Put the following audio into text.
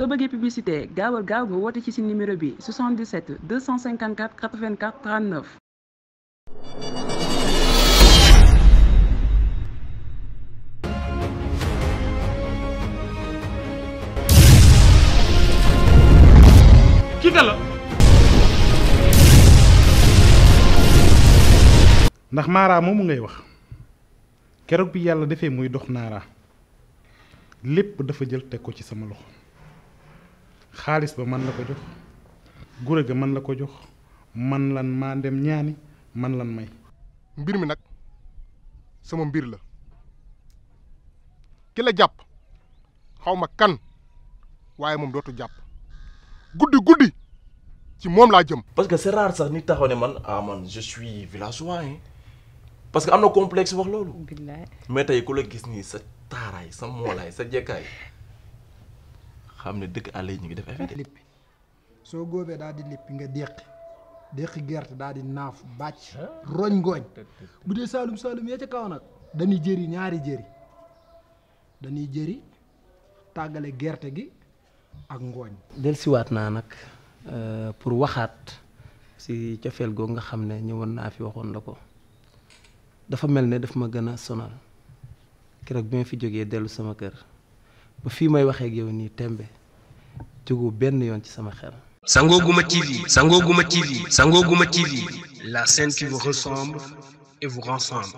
soo bëggee publicité gaawal gaaw nga woote ci si numéro bi 77 254 84 39. kii la. ndax Mara moomu ngay wax keroog bi yàlla defee muy dox Naara lépp dafa jël teg ko ci sama loxo. xaalis ba man la ko jox gure gi man la ko jox man lan maa dem ñaani man lan may mbir mi nag sama mbir la ki la jàpp xaw ma kan waaye moom dootu jàpp guddi guddi ci moom laa jëm parce que c'est rare sax nit taxaw ne man ah man je suis villageois parce que am na complexe wax loolu mais tey ku la gis nii sa taaraay sa moolaay sa jekkaay xam ne dëkk àll yi ñu ngi def effet. lippi soo góobee daal di lippi nga déqi déqi gerte daal di naaf bàcc ah. roñ ngooñ bu dee saalum saalum ya ca kaw nag dañuy jëri ñaari jëri dañuy jëri tàggale gerte gi ak ngooñ delsiwaat naa nag euh, pour waxaat si cofeel googu nga xam ne ñëwoon naa fi waxoon la ko dafa mel ne daf ma gën a sonal keroog bi ma fi jógee dellu sama kër ba fii may waxee ak yow nii tembe jógu benn yoon ci sama xel. Sangoguma TV Sangoguma TV Sangoguma TV la scène qui vous ressemble et vous rassemble.